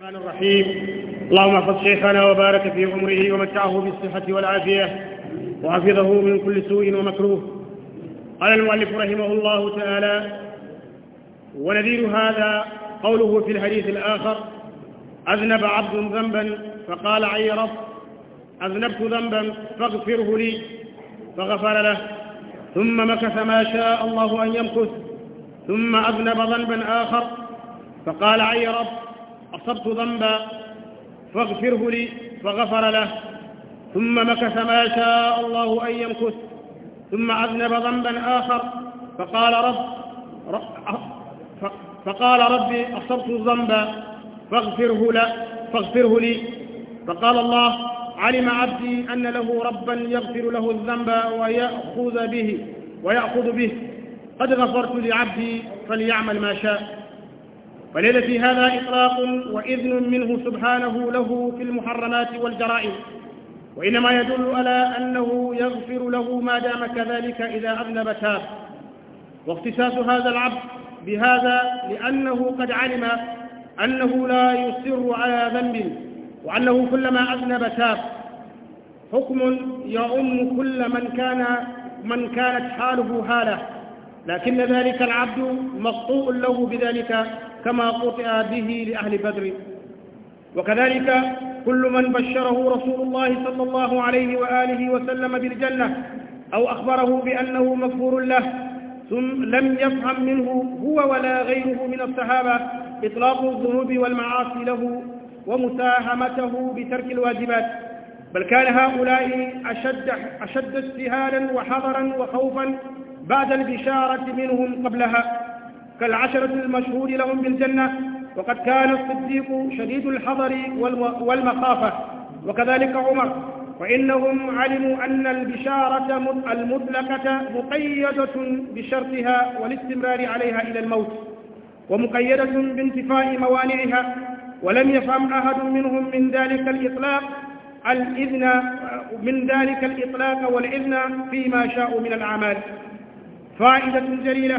الرحمن الرحيم اللهم احفظ شيخنا وبارك في عمره ومتعه بالصحة والعافية وحفظه من كل سوء ومكروه قال المؤلف رحمه الله تعالى ونذير هذا قوله في الحديث الآخر أذنب عبد ذنبا فقال أي رب أذنبت ذنبا فاغفره لي فغفر له ثم مكث ما شاء الله أن يمكث ثم أذنب ذنبا آخر فقال أي رب أصبت ذنبا فاغفره لي فغفر له ثم مكث ما شاء الله أن يمكث ثم أذنب ذنبا آخر فقال رب فقال ربي أصبت ذنبا فاغفره له فاغفره لي فقال الله علم عبدي أن له ربا يغفر له الذنب ويأخذ به ويأخذ به قد غفرت لعبدي فليعمل ما شاء فليس في هذا إطلاق وإذن منه سبحانه له في المحرمات والجرائم وإنما يدل على أنه يغفر له ما دام كذلك إذا أذنب تاب واختصاص هذا العبد بهذا لأنه قد علم أنه لا يصر على ذنب وأنه كلما أذنب تاب حكم يعم كل من كان من كانت حاله حاله لكن ذلك العبد مقطوع له بذلك كما قطع به لأهل بدر وكذلك كل من بشره رسول الله صلى الله عليه وآله وسلم بالجنة أو أخبره بأنه مغفور له ثم لم يفهم منه هو ولا غيره من الصحابة إطلاق الذنوب والمعاصي له ومساهمته بترك الواجبات بل كان هؤلاء أشد, أشد استهالا وحذرا وخوفا بعد البشارة منهم قبلها كالعشرة المشهود لهم بالجنة وقد كان الصديق شديد الحضر والمخافة وكذلك عمر وإنهم علموا أن البشارة المطلقة مقيدة بشرطها والاستمرار عليها إلى الموت ومقيدة بانتفاء موانعها ولم يفهم أحد منهم من ذلك الإطلاق الإذن من ذلك الإطلاق والإذن فيما شاءوا من الأعمال فائدة جليلة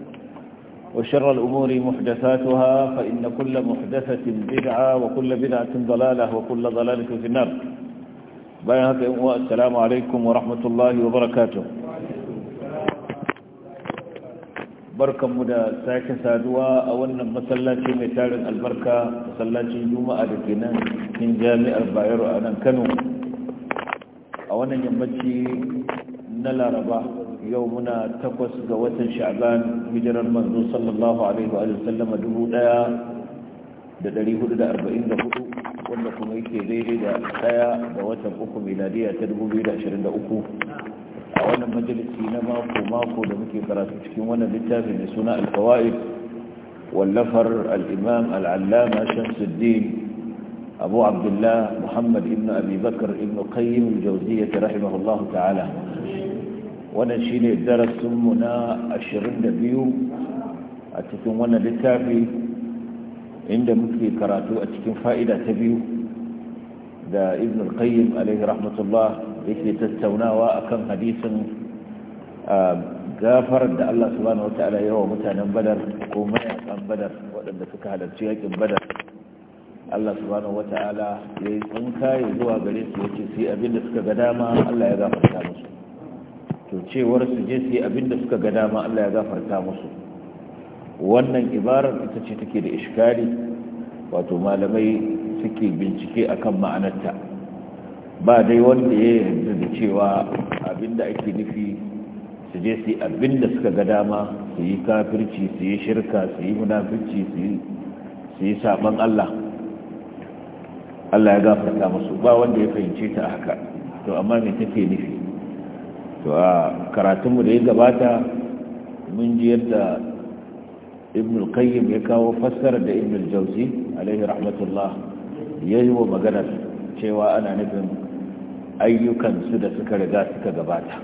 وشر الأمور محدثاتها فإن كل محدثة بدعة وكل بدعة ضلالة وكل ضلالة في النار بيانات السلام عليكم ورحمة الله وبركاته بركة مدى ساكة سادوا أولا مسلاتي مثال البركة مسلاتي جمعة لكنا من جامع البعير أنا كانوا أولا يمتي نلا رباه yau muna takwas ga watan sha'ban hijirar manzo sallallahu alaihi wa sallama dubu daya da dari hudu da arba'in da hudu wanda kuma yake daidai da daya da watan uku miladiya ta dubu biyu da ashirin da uku a wannan majalisi na mako mako da muke karatu cikin wannan littafin mai suna alfawa'id wallafar al'imam al'allama shamsuddin أبو عبد الله محمد بن أبي بكر qayyim قيم الجوزية رحمه الله wannan shine darasinmu na 22 a cikin wannan littafi inda muke karatu a cikin fa'ida ta biyu da ibn al-qayyim alaihi rahmatullah yake tattaunawa akan hadisin gafar da Allah subhanahu wata'ala yawa mutanen badar ko mayakan badar waɗanda suka halarci yakin badar Allah subhanahu wata'ala ya yi tsinka ya zuwa gare su ya ce sai abinda suka ga dama Allah ya gafarta musu to cewar su je su yi abin da suka ga dama Allah ya gafarta musu wannan ibarar ita ce take da ishkari wato malamai suke bincike akan ma'anarta ba dai wanda ya yarda da cewa abin da ake nufi su je su yi abin da suka ga dama su yi kafirci su yi shirka su yi munafirci su yi saban Allah Allah ya gafarta musu ba wanda ya fahimce ta haka to amma me take nufi to a karatunmu da ya gabata mun ji yadda ibn al ya kawo fassara da ibn al-jawzi alaihi rahmatullah ya yi wa maganar cewa ana nufin ayyukan su da suka riga suka gabata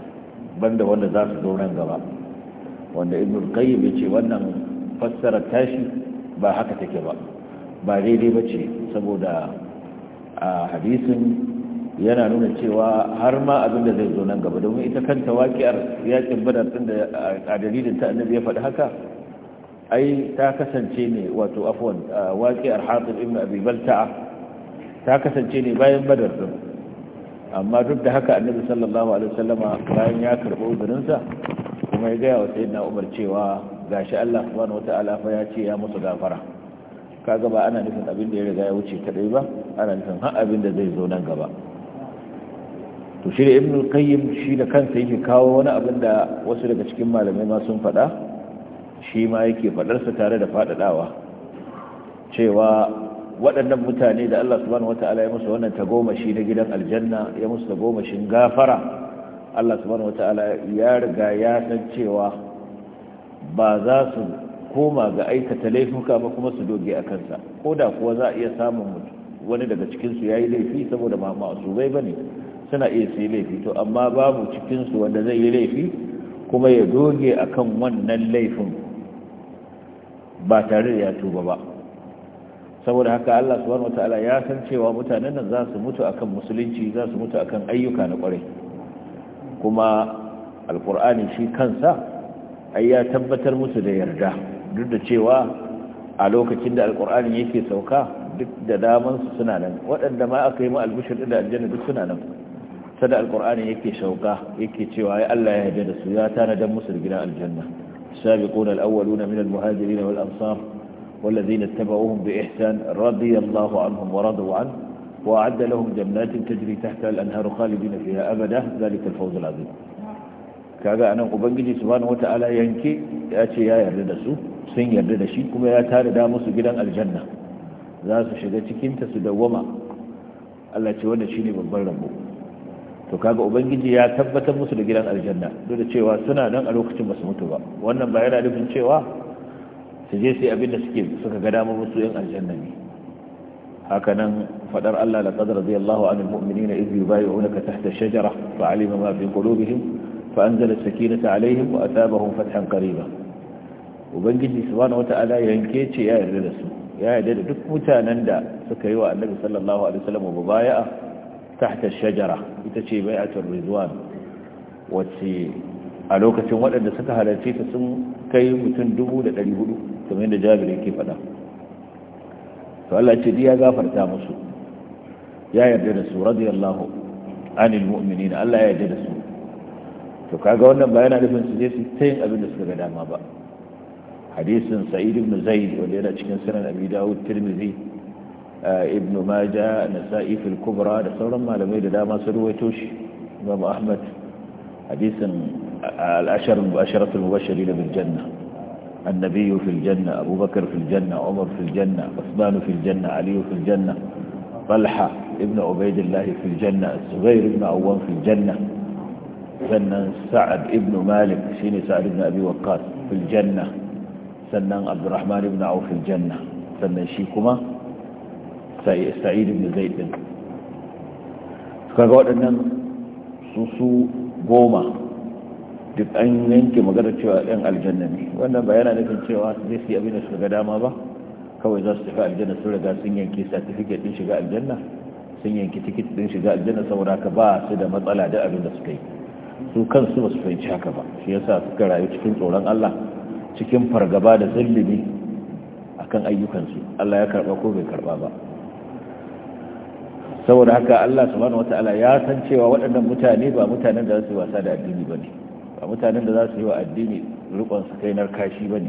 banda wanda za su zo nan gaba wanda ibn al ya ce wannan fassara tashi ba haka take ba ba daidai ba ce saboda a hadisin yana nuna cewa har ma abin da zai zo nan gaba domin ita kanta waƙiyar yakin badar tun da a dalilin ta annabi ya faɗi haka ai ta kasance ne wato afwan waƙiyar hatib ibn abi balta'a ta kasance ne bayan badar din amma duk da haka annabi sallallahu alaihi wasallama bayan ya karɓi sa kuma ya gaya wa sayyidina umar cewa gashi Allah subhanahu wataala fa ya ce ya musu gafara kaga ba ana nufin abin da ya riga ya wuce kadai ba ana nufin har abin da zai zo nan gaba to shi da ibn qayyim shi da kansa yake kawo wani abin da wasu daga cikin malamai ma sun fada shi ma yake faɗarsa tare da fadadawa cewa waɗannan mutane da Allah subhanahu wata'ala ya musu wannan tagomashi na gidan aljanna ya musu tagomashin gafara Allah subhanahu wata'ala ya riga ya san cewa ba za su koma ga aikata laifuka ba kuma su doge a kansa ko da kuwa za a iya samun wani daga cikinsu ya yi laifi saboda ba su bai ba ne suna iya su yi laifi to amma babu cikinsu wanda zai yi laifi kuma ya doge akan wannan laifin ba tare da ya tuba ba saboda haka Allah subhanahu wataala ya san cewa mutanen nan za su mutu akan musulunci za su mutu akan ayyuka na kwarai kuma alkur'ani shi kansa ai ya tabbatar musu da yarda duk da cewa a lokacin da alkur'ani yake sauka duk da damansu suna nan waɗanda ma aka yi ma albushir da aljanna duk suna nan sada alkurani yake shauka yake cewa ya Allah ya yarda da su ya tanadar musu gidan aljanna sabiquna alawwaluna min almuhajirin wal ansar والذين اتبعوهم بإحسان رضي الله عنهم ورضوا عنه وأعد لهم جنات تجري تحت الأنهار خالدين فيها أبدا ذلك الفوز العظيم kaga anan ubangiji subhanahu wataala yanke ya ce ya yarda da su sun yarda da shi kuma ya tare da musu gidan aljanna za su shiga cikin ta su dawwama Allah ce wanda shine babban rabo to kaga ubangiji ya tabbatar musu da gidan aljanna duk da cewa suna nan a lokacin basu mutu ba wannan ba yana nufin cewa su je su yi abin da suke suka ga damar musu yan aljanna ne haka nan fadar Allah na qadar radiyallahu anil mu'minina idh yubayyi'unaka tahta ash-shajara fa'alima ma fi qulubihim فأنزل السكينة ubangiji وأثابهم فتحا yanke ce ya yarda ينكيتي su ya yarda da duk mutanen da suka yi wa Annabi sallallahu alaihi wasallam mubaya'a tahta shajara ita ce bai'atul ridwan wacce a lokacin waɗanda suka halarci ta sun kai mutum dubu da ɗari hudu kamar yadda jabir yake faɗa to Allah ce ya gafarta musu ya yarda da su radiyallahu anil Allah ya yarda da su to kaga wannan ba yana nufin su je su ta yin abin suka ga dama ba hadisin sa'id ibn zaid wanda yana cikin sunan abi dawud tirmidhi ابن ماجه نسائي في الكبرى da ما لم da ما su ruwaito shi imam ahmad hadisin الاشر ashar mubasharatul النبي في الجنة أبو بكر في الجنة عمر في الجنة عثمان في الجنة علي في الجنة طلحة ابن عبيد الله في الجنة الزبير ابن عوام في الجنة سنن سعد ابن مالك سين سعد ابن أبي وقاص في الجنة سنن عبد الرحمن ابن عوف في الجنة سنن شيكما sa'id ibn zaid din kaga waɗannan su su goma duk an yanke magana cewa ɗan aljanna ne wannan ba yana nufin cewa zai su yi abin da su ga dama ba kawai za su tafi aljanna sun riga sun yanke satifiket din shiga aljanna sun yanke tikit din shiga aljanna saboda ka ba su da matsala da abin da suka yi su kansu ba su fahimci haka ba shi yasa suka rayu cikin tsoron Allah cikin fargaba da zillimi akan ayyukansu Allah ya karba ko bai karba ba saboda haka Allah subhanahu wataala ya san cewa waɗannan mutane ba mutanen da za su yi wasa da addini ba ne ba mutanen da za su yi wa addini rikon su kai narkashi ba ne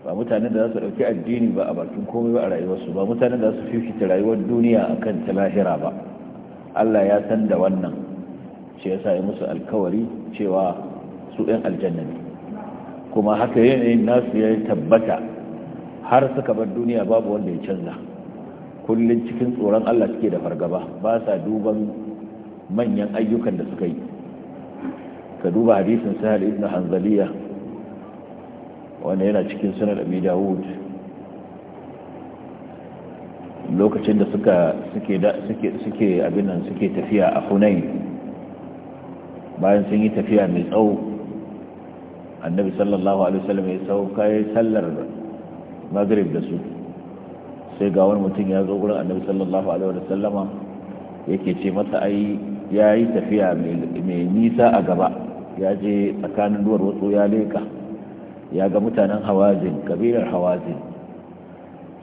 ba mutanen da za su ɗauki addini ba a bakin komai ba a rayuwarsu ba mutanen da za su fifita rayuwar duniya a kan ta lahira ba Allah ya san da wannan shi ya sa ya musu alkawari cewa su yan aljanna ne kuma haka yanayin nasu ya tabbata har suka bar duniya babu wanda ya canza kullun cikin tsoron Allah suke da fargaba ba sa duban manyan ayyukan da suka yi ka duba hadisin sahal ibn hanzaliya wanda yana cikin sunan abu dawud lokacin da suka suke suke suke abin nan suke tafiya a hunain bayan sun yi tafiya mai tsawo annabi sallallahu alaihi wasallam ya sauka ya sallar maghrib da su sai ga wani mutum ya zo wurin annabi sallallahu alaihi wa sallama yake ce masa ai ya yi tafiya mai nisa a gaba ya je tsakanin duwar wasu ya leka ya ga mutanen hawazin kabilar hawazin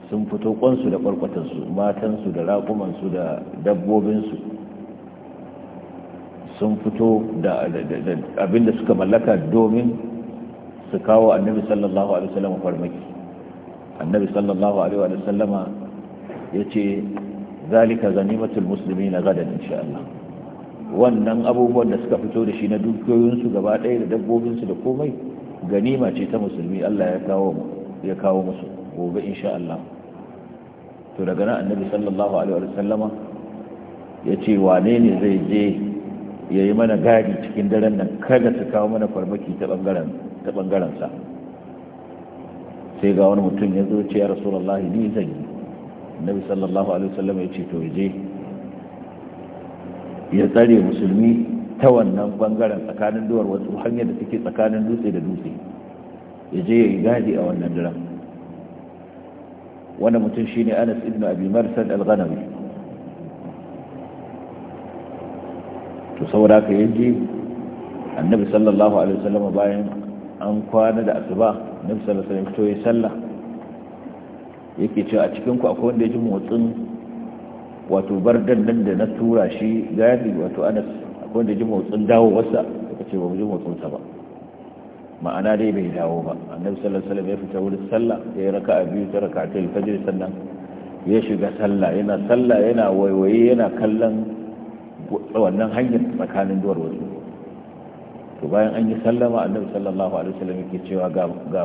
sun fito kwansu da kwarkwatansu matansu da raƙumansu da dabbobinsu sun fito da abinda suka mallaka domin su kawo annabi sallallahu alaihi sallama farmaki annabi sallallahu alaihi wa sallama ya ce zalika zanimatul musulmi na gadan insha Allah wannan abubuwan da suka fito da shi na dukiyoyinsu gaba ɗaya da dabbobinsu da komai ganima ce ta musulmi Allah ya kawo ya kawo musu gobe insha Allah to daga nan annabi sallallahu alaihi wa sallama ya ce wane ne zai je ya yi mana gadi cikin daren nan kada su kawo mana farmaki ta ɓangaren sa sai ga wani mutum ya zo ce ya rasulullah ni zan yi nabi sallallahu alaihi wasallam ya ce to je ya tsare musulmi ta wannan bangaren tsakanin duwar wasu hanyar da suke tsakanin dutse da dutse ya je ya yi gadi a wannan daren wani mutum shine anas ibn abi marsad al-ghanawi to saboda ka yaje annabi sallallahu alaihi wasallam bayan an kwana da asuba na sallallahu fito ya sallah yake cewa a cikin ku akwai wanda ya ji motsin wato bardan nan da na tura shi gari wato Anas akwai wanda ya ji motsin dawo wasa cewa ba mu ji motsin sa ba ma'ana dai bai dawo ba annabi sallallahu alaihi wasallam ya fita wurin sallah ya yi raka'a biyu ta raka'atul fajr sannan ya shiga sallah yana sallah yana waiwaye yana kallon wannan hanyar tsakanin duwar wasu to bayan an yi sallama annabi sallallahu alaihi wasallam yake cewa ga ga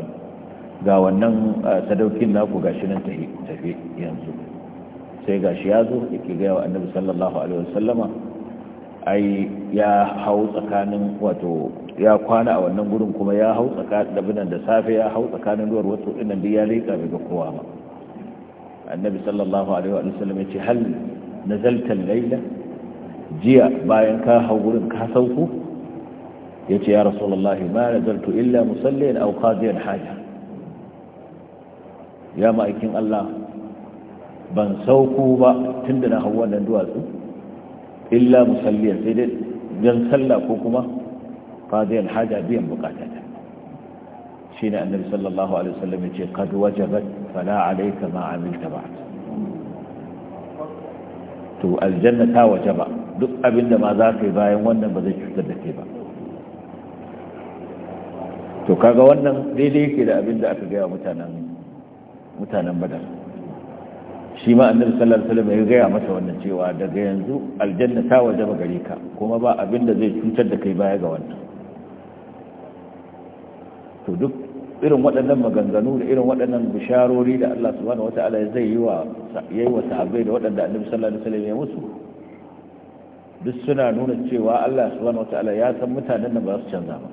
ga wannan uh, sadaukin naku gashi nan tafi yanzu sai gashi ya zo yake ga wa annabi sallallahu alaihi wasallama ai ya hau tsakanin wato ya kwana a wannan gurin kuma ya hau tsakanin da binan da safe ya hau tsakanin ruwar wato dinnan da ya leka bai ga kowa ba annabi sallallahu alaihi wa sallam yace hal nazalta al-laila jiya bayan ka hau gurin ka sauko ya ce ya rasulullahi ma nazartu illa musallin aw qadiyan haja ya ma'aikin Allah ban sauko ba tunda na hau wannan duwatsu illa musallin sai dai dan sallah ko kuma qadiyan haja biyan Shi shine annabi sallallahu alaihi wasallam ya ce waje qad wajabat fala alayka ma ta ba. to aljanna ta waje ba duk abinda ma za ka yi bayan wannan ba zai cutar da ke ba to kaga wannan daidai yake da abin da aka gaya mutanen mutanen badar shi ma annabi sallallahu alaihi wasallam ya gaya masa wannan cewa daga yanzu aljanna ta ba gare ka kuma ba abin da zai cutar da kai baya ga wannan to duk irin waɗannan maganganu da irin waɗannan bisharori da Allah subhanahu wata'ala zai yi wa yayi wa sahabbai da waɗanda annabi sallallahu alaihi wasallam ya musu duk suna nuna cewa Allah subhanahu wata'ala ya san mutanen da ba su canza ba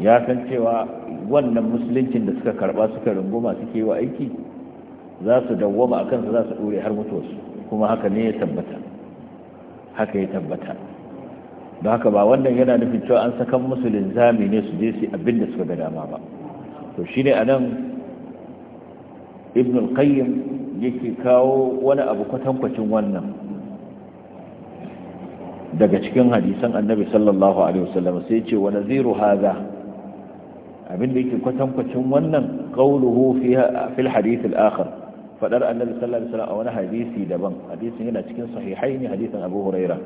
ya san cewa wannan musuluncin da suka karba suka runguma suke wa aiki za su dawwama a kansa za su ɗore har mutuwarsu kuma haka ne ya tabbata haka ya tabbata don haka ba wannan yana nufin cewa an sakan musulun zami ne su je su abin da suka ga dama ba to shi ne a nan ibn al-qayyim yake kawo wani abu kwatankwacin wannan daga cikin hadisan annabi sallallahu alaihi wasallam sai ce wa naziru hadha abin da yake kwatankwacin wannan qauluhu fi fil hadith al-akhar fadar annabi sallallahu alaihi wasallam a wani hadisi daban hadisin yana cikin sahihaini hadisin Abu Huraira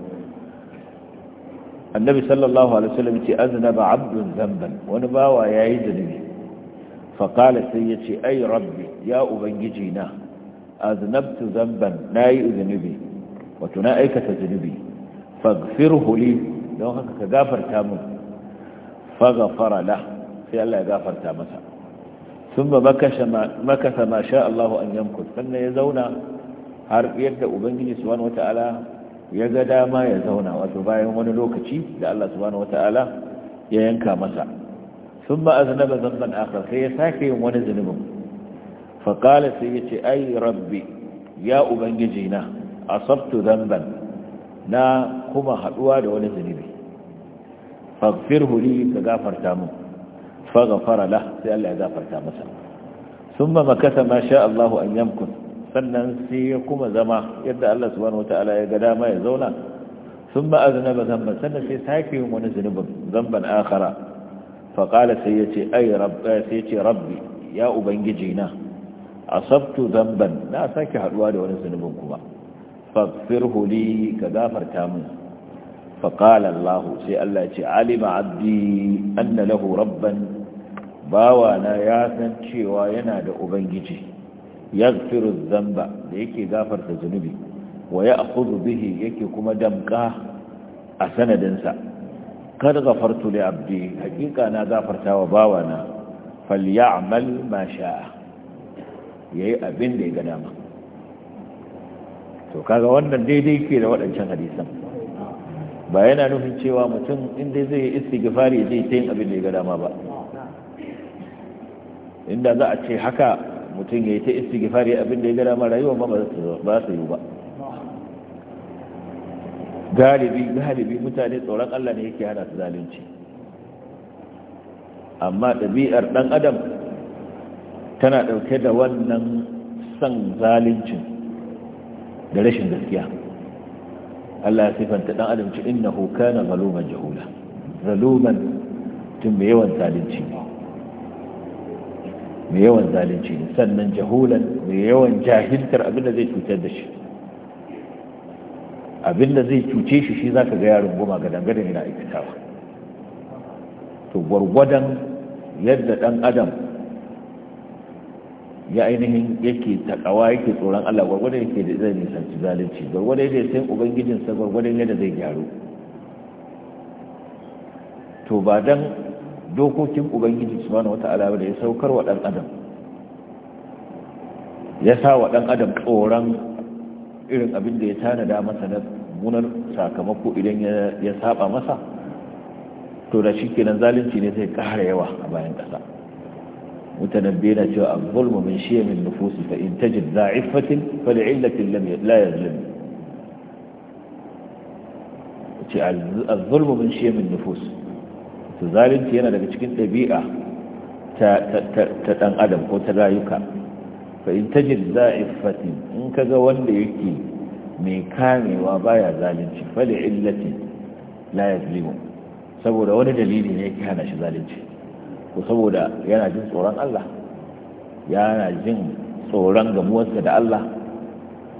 annabi sallallahu alaihi wasallam yace aznaba abdun zamban wani bawa yayi zunubi fa qala sai yace ai rabbi ya ubangiji na aznabtu zamban nayi zunubi wato na aikata zunubi faghfirhu li don haka ka gafarta min faghfara lahu sai Allah ya gafarta masa sun ba makasa ma sha Allahu an yankun. sannan ya zauna har yadda ubangiji subhanahu wata'ala ya ga dama ya zauna wato bayan wani lokaci da Allah subhanahu wata'ala ya yanka masa sun ba aznaba zamban akhar sai ya sake yin wani zunubin fa sai ya ce ai rabbi ya ubangiji na a asabtu zamban na kuma haduwa da wani zunubi faghfirhu huli ka gafarta mun faghfara lah sai Allah ya zafarta masa thumma makasa ma sha Allah an yamkun sannan sai ya kuma zama yadda Allah subhanahu wataala ya ga dama ya zauna thumma aznaba dhanban sannan sai sake yin wani zunubin zamban akhara fa qala sai yace ay rabbi eh, sai yace rabbi ya ubangiji na asabtu zamban na sake haduwa da wani zunubin kuma faghfirhu li ka gafarta min فقال الله سي الله يتي علم عبدي أن له ربا bawa na ya san cewa yana da ubangiji yaghfiru dhanba da yake gafarta zunubi wa ya'khudhu bihi yake kuma damka a sanadinsa kada gafartu li abdi hakika na gafarta wa na falyamal ma sha'a yayi abin da ya ga dama to kaga wannan daidai ke da waɗancan hadisan ba yana nufin cewa mutum inda zai yi istighfari zai ta yin abin da ya ga dama ba inda za a ce haka mutum ya yi ta istighfar ya abin da ya gada ma rayuwa ba ba su yi ba galibi galibi mutane tsoron Allah ne yake hana su zalunci amma ɗabi'ar ɗan adam tana ɗauke da wannan son zaluncin da rashin gaskiya Allah ya sifanta ɗan adam ci innahu hukana zaluman jahula zaluman tun mai yawan zalunci ne mai yawan zalunci ne sannan jahulan mai yawan jahiltar abinda zai cutar da shi abinda zai cuce shi shi zaka ga yaron goma ga dangane yana aikatawa to gwargwadon yadda dan adam ya ainihin yake takawa yake tsoron Allah gwargwadon yake da zai nisanci zalunci gwargwadon yadda sai ubangijinsa gwargwadon yadda zai gyaru to ba dan dokokin ubangiji subhanahu wata'ala da ya saukar wa dan adam ya sa wa dan adam tsoron irin abin da ya tanada masa na munar sakamako idan ya saba masa to da shi kenan zalunci ne zai kara yawa a bayan kasa mutanabbi na cewa az-zulmu min shiyamin nufusi fa in ta tajid za'ifatin fa li'illatin lam la yazlim ce az-zulmu min shiyamin nufusi to zalunci yana daga cikin ɗabi'a ta ɗan adam ko ta rayuka fa in jin za'ifatin in ka ga wanda yake mai kamewa baya zalunci fali illati illatin la yazlimu saboda wani dalili ne yake hana shi zalunci ko saboda yana jin tsoron Allah yana jin tsoron gamuwarsa da Allah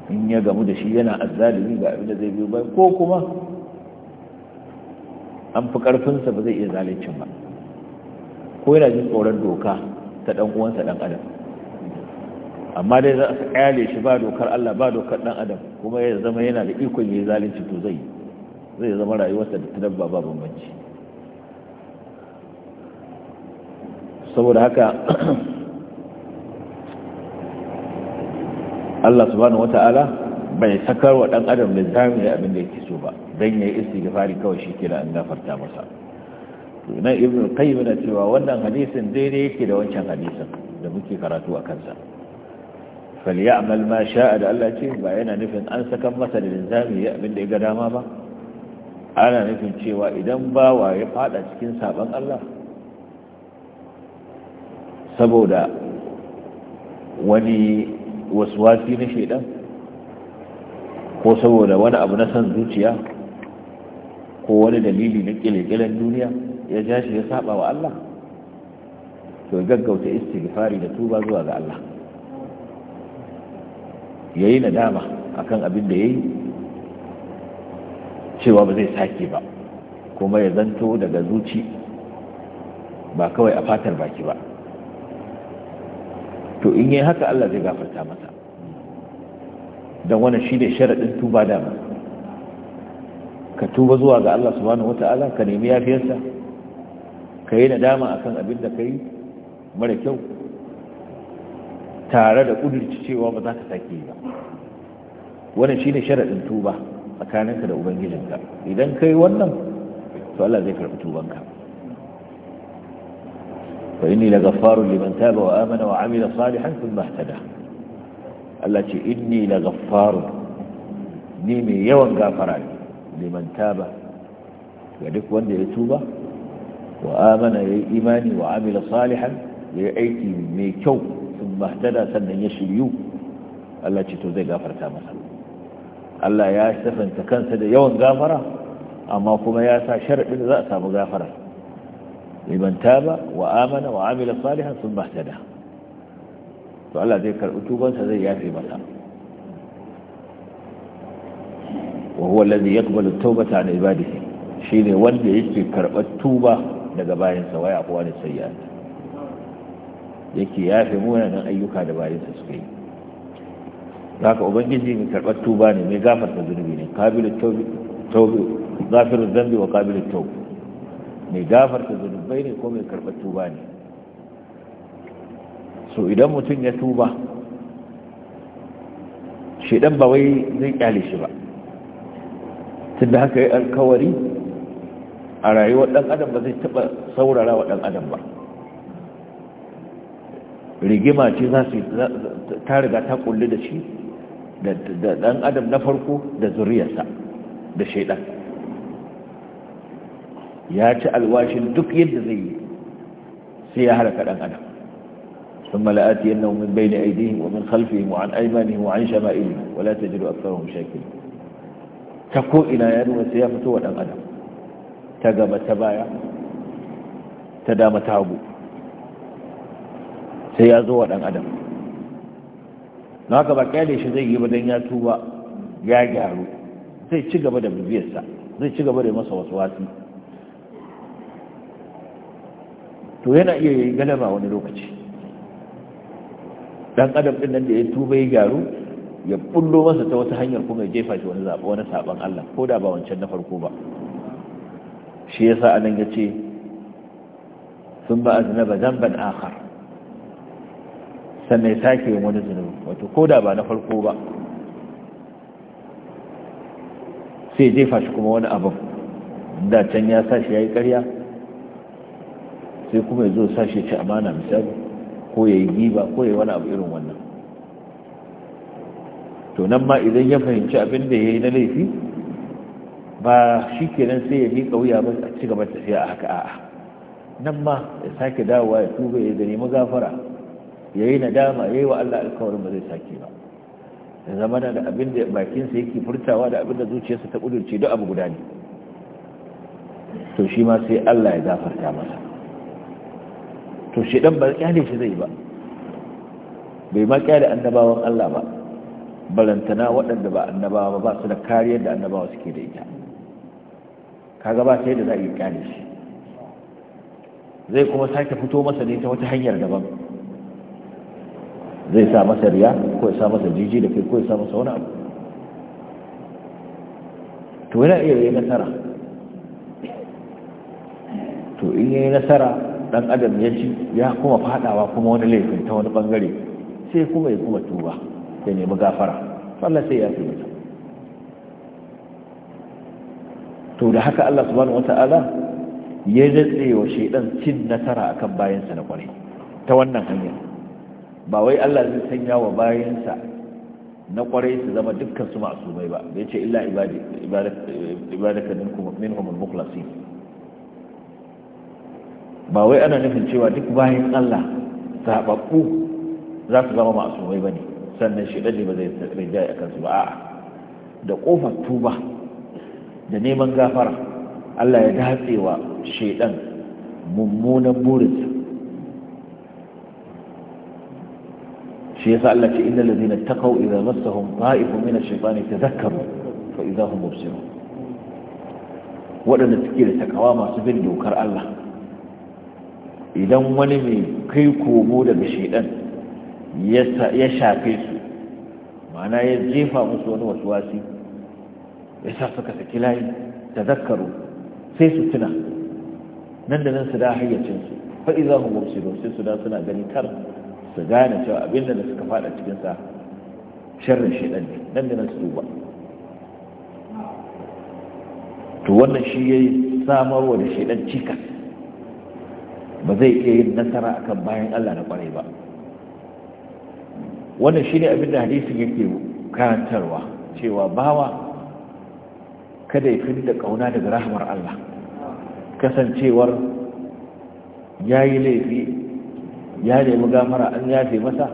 in ya gamu da shi yana azzalimi ga abin da zai biyo bayan ko kuma an fi ƙarfinsa ba zai iya zalicin ba ko yana jin tsoron doka ta ɗan uwansa ɗan adam amma dai za a ƙyale shi ba dokar Allah ba dokar ɗan adam kuma ya zama yana da ikon ya yi zalunci to zai zai zama rayuwarsa da ta dabba ba bambanci saboda haka Allah subhanahu wata'ala bai sakar wa ɗan adam da zamiya abin da yake so ba dan yayi istighfari kawai shi kira an gafarta masa na ibn qayyim da cewa wannan hadisin daidai yake da wancan hadisin da muke karatu a kansa falyamal ma sha'a da Allah ce ba yana nufin an saka masa da linzami ya abin da ya ga dama ba ana nufin cewa idan bawa ya fada cikin saban Allah saboda wani waswasi na shaidan ko saboda wani abu na san zuciya ko wani dalili na ƙirƙirar duniya ya ja shi ya saba wa Allah to gaggauta istighfari da tuba zuwa ga Allah yayi nadama akan abin da yayi cewa ba zai sake ba kuma ya zanto daga zuci ba kawai a fatar baki ba to in yi haka Allah zai gafarta masa Dan wannan shi ne sharaɗin tuba dama ka tuba zuwa ga Allah subhanahu wata'ala ka nemi yafiyarsa ka yi nadama akan abin da ka yi mara kyau tare da kudurci cewa ba za ka sake ba wannan shine sharaɗin tuba tsakaninka da ubangijinka idan ka yi wannan to Allah zai karɓi tubanka fa inni la liman taba wa amana wa amila salihan thumma ihtada Allah ce inni la ni mai yawan gafara ne liman taba ga duk wanda ya tuba wa amana yayi imani wa amila salihan yayi aiki mai kyau sun mahtada sannan ya shiryu Allah ce to zai gafarta masa Allah ya safanta kansa da yawan gafara amma kuma ya sa sharadin da za a samu gafara liman taba wa amana wa amila salihan sun mahtada to Allah zai karɓi tubansa zai yafe masa wa huwa alladhi yaqbalu at-taubata an ibadihi shine wanda yake karbar tuba daga bayansa waya kuwa da sayyi'at yake yafe munanan ayyuka da bayansa suka yi haka ubangiji mai karbar tuba ne mai gafarta zunubi ne qabilu tawbi ghafirud dhanbi wa qabilu tawb mai gafarta zunubai ne ko mai karbar tuba ne so idan mutum ya tuba shedan ba wai zai kyale shi ba tun da haka yi alkawari a rayuwar ɗan adam ba zai taɓa saurara wa ɗan adam ba rigima ce za su ta riga ta kulli da shi da ɗan adam na farko da zuriyarsa da shaidan ya ci alwashin duk yadda zai yi sai ya haraka ɗan adam ثم لآتينهم من بين أيديهم ومن خلفهم وعن أيمانهم وعن شمائلهم ولا تجد أكثرهم شاكرين ta ko'ina ya nuna sai ya fito wa ɗan adam ta gaba ta baya ta dama ta hagu sai ya zo wa ɗan adam na haka ba kyale shi zai yi ba don ya tuba ya gyaru zai ci gaba da bibiyarsa zai ci gaba da masa wasu wasi to yana iya yi galaba wani lokaci ɗan adam ɗin nan da ya tuba ya gyaru ya bullo masa ta wata hanyar kuma ya jefa shi wani zaɓa wani saɓon Allah ko da ba wancan na farko ba shi ya sa anan ya ce sun ba a azinaba zamban akar sannan ya sake yin wani zunubi wato ko da ba na farko ba sai jefa shi kuma wani abin da can ya sa shi ya yi ƙarya sai kuma ya zo sa shi ci amana misali ko ya yi giba ko ya yi wani abu irin wannan to nan ma idan ya fahimci abin da ya yi na laifi ba shi kenan sai ya miƙa wuya ba a ci gaba tafiya a haka a'a nan ma ya sake dawowa ya tuba ya gani magafara ya yi nadama ya yi wa Allah alkawarin ba zai sake ba ya zama da abin da bakinsa yake furtawa da abin da zuciyarsa ta kudurce duk abu guda ne to shi ma sai Allah ya gafarta masa to shi dan ba kyale shi zai ba bai ma kyale annabawan Allah ba balantana waɗanda ba annabawa ba su da kariyar da annabawa suke da ita kaga ba sai da za a yi kyale shi zai kuma sake fito masa ne ta wata hanyar daban zai sa masa riya ko ya sa masa jiji da kai ko ya sa masa wani abu to yana iya yi nasara to in yi nasara dan adam ya ci ya kuma fadawa kuma wani laifin ta wani bangare sai kuma ya kuma tuba ya nemi gafara Allah sai ya fi masa to da haka Allah subhanahu wata'ala ya datse wa shaidan cin nasara akan bayansa na kwarai ta wannan hanyar ba wai Allah zai sanya wa bayansa na kwarai su zama dukkan su masumai ba da yace illa ibadaka minkum minhum al-mukhlasin ba wai ana nufin cewa duk bayan Allah zababbu za su zama masumai ne. sannan shi ne ba zai rinjaye a kansu ba a'a da kofar tuba da neman gafara Allah ya datsewa shaidan mummunan burinsa shi sa Allah ce innal ladina taqaw idza massahum ta'ifun min ash-shaytani tadhakkaru fa idza hum mubsirun wadanda suke da takawa masu bin dokar Allah idan wani mai kai komo daga shaidan ya shafe su ma'ana ya jefa musu wani wasuwasi ya sa suka saki layi ta zakaru sai su tuna nan da nan su da hayyacinsu Faɗi za mu mursido sai su da suna gani kar su gane cewa abin da suka faɗa cikinsa sharrin shaidan ne nan da nan su duba to wannan shi ya yi samarwa da shaidan cikas ba zai iya yin nasara akan bayan allah na kwarai ba wannan shine abin da hadisin yake karantarwa cewa bawa kada ya fi da ƙauna daga rahamar Allah kasancewar ya yi laifi ya nemi gamara an yafe masa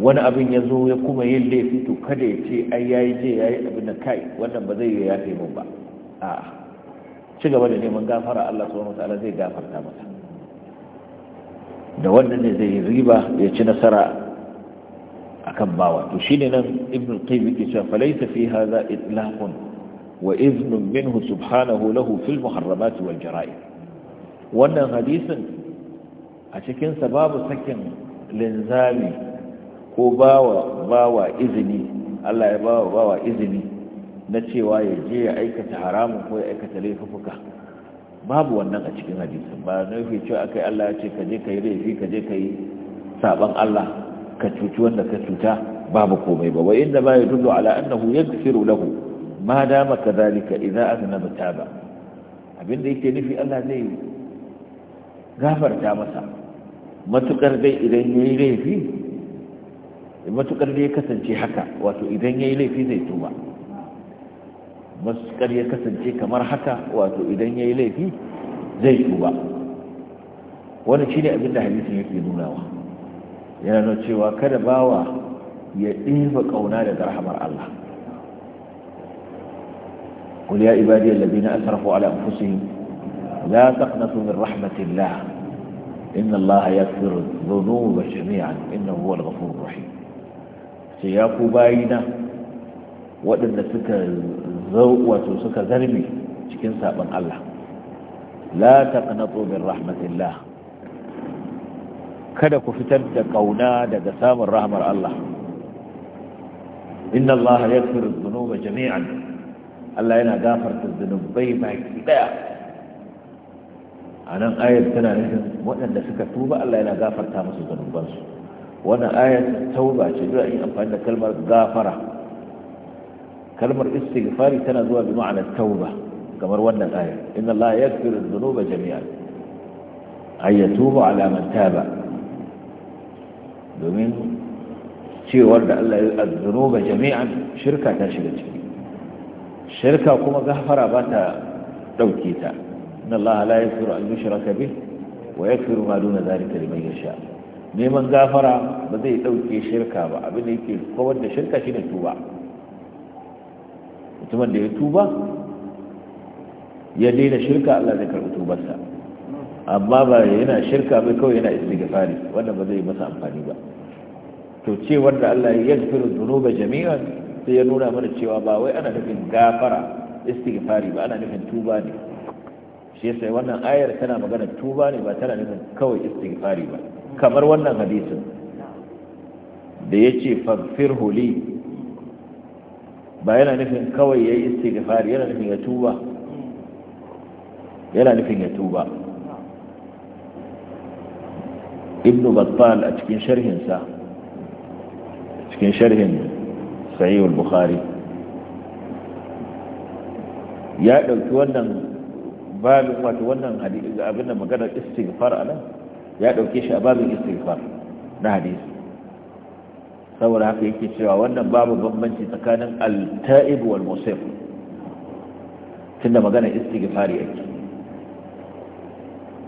wani abin ya zo ya kuma yin laifi to kada ya ce ai ya yi ce ya yi abin da kai wannan ba zai yafe mun ba a ci gaba da neman gafara Allah subhanahu wataala zai gafarta masa da wannan ne zai riba ya ci nasara kan bawa to ne nan ibn qayyim yake cewa fi haza, itlaqun wa iznun minhu subhanahu lahu fil muharramat wal jarai." wannan hadisin a cikin sa babu sakin linzami ko bawa bawa izini Allah ya bawa bawa izini na cewa ya je ya aikata haramun ko ya aikata laifuka babu wannan a cikin hadisi ba na fice cewa kai Allah ya ce ka ka yi laifi kaje je ka yi saban Allah ka cuci wanda ka cuta babu komai ba wa inda ya yadullu ala annahu na lahu ma dama aka idza aznaba taba abinda yake nufi Allah zai gafarta masa matukar dai idan yayi rafi matukar dai kasance haka wato idan yayi laifi zai tuba matuƙar karya kasance kamar haka wato idan yayi laifi zai tuba wani shi ne abinda hadisun yake nunawa yana nuna cewa kada bawa ya ɗinfa ƙauna da zarhamar Allah kuli ya ibadi yallabi na asarfu ala fusi la taqnatu min rahmatillah inna Allah ya fir zunuba jami'an inna huwa al-ghafurur rahim sai ya ku bayina waɗanda suka wato suka zarbi cikin saɓin Allah la taqnatu min rahmatillah kada ku fitar da kauna daga samun rahmar Allah inna Allah yaghfiru dhunuba jami'an Allah yana gafarta zunubai baki daya a nan ayar tana nufin waɗanda suka tuba Allah yana gafarta musu zunubansu. wannan ayar tauba ce duk an yi amfani da kalmar gafara kalmar istighfari tana zuwa bi ma'anar tauba kamar wannan ayar inna Allah ya yaghfiru dhunuba jami'a. ay yatubu ala man taba domin cewar da Allah ya dhunuba jami'a shirka ta shiga ciki shirka kuma gafara ba ta dauke ta inna Allah la yaghfiru an yushraka bih wa yaghfiru ma duna dhalika liman yasha neman gafara ba zai dauke shirka ba abin da yake kawar wanda shirka shi shine tuba mutumin da ya tuba ya daina shirka Allah zai karɓi tubarsa amma ba yana shirka bai kawai yana fari, wanda ba zai masa amfani ba to ce da Allah ya yaghfiru dhunuba jami'an sai ya nuna mana cewa ba wai ana nufin gafara istighfari ba ana nufin tuba ne shi yasa wannan ayar tana magana tuba ne ba tana nufin kawai istighfari ba kamar wannan hadisin da yace faghfirhu li ba yana nufin kawai ya yi istighfar yana nufin ya tuba yana nufin ya tuba ibn battal a cikin sharhinsa cikin sharhin sahih bukhari ya ɗauki wannan babin wato wannan hadisi abinda maganar istighfar ala ya dauke shi a babin istighfar na hadisi saboda haka yake cewa wannan babu bambanci tsakanin al-ta'ib wal musif tunda magana istighfari yake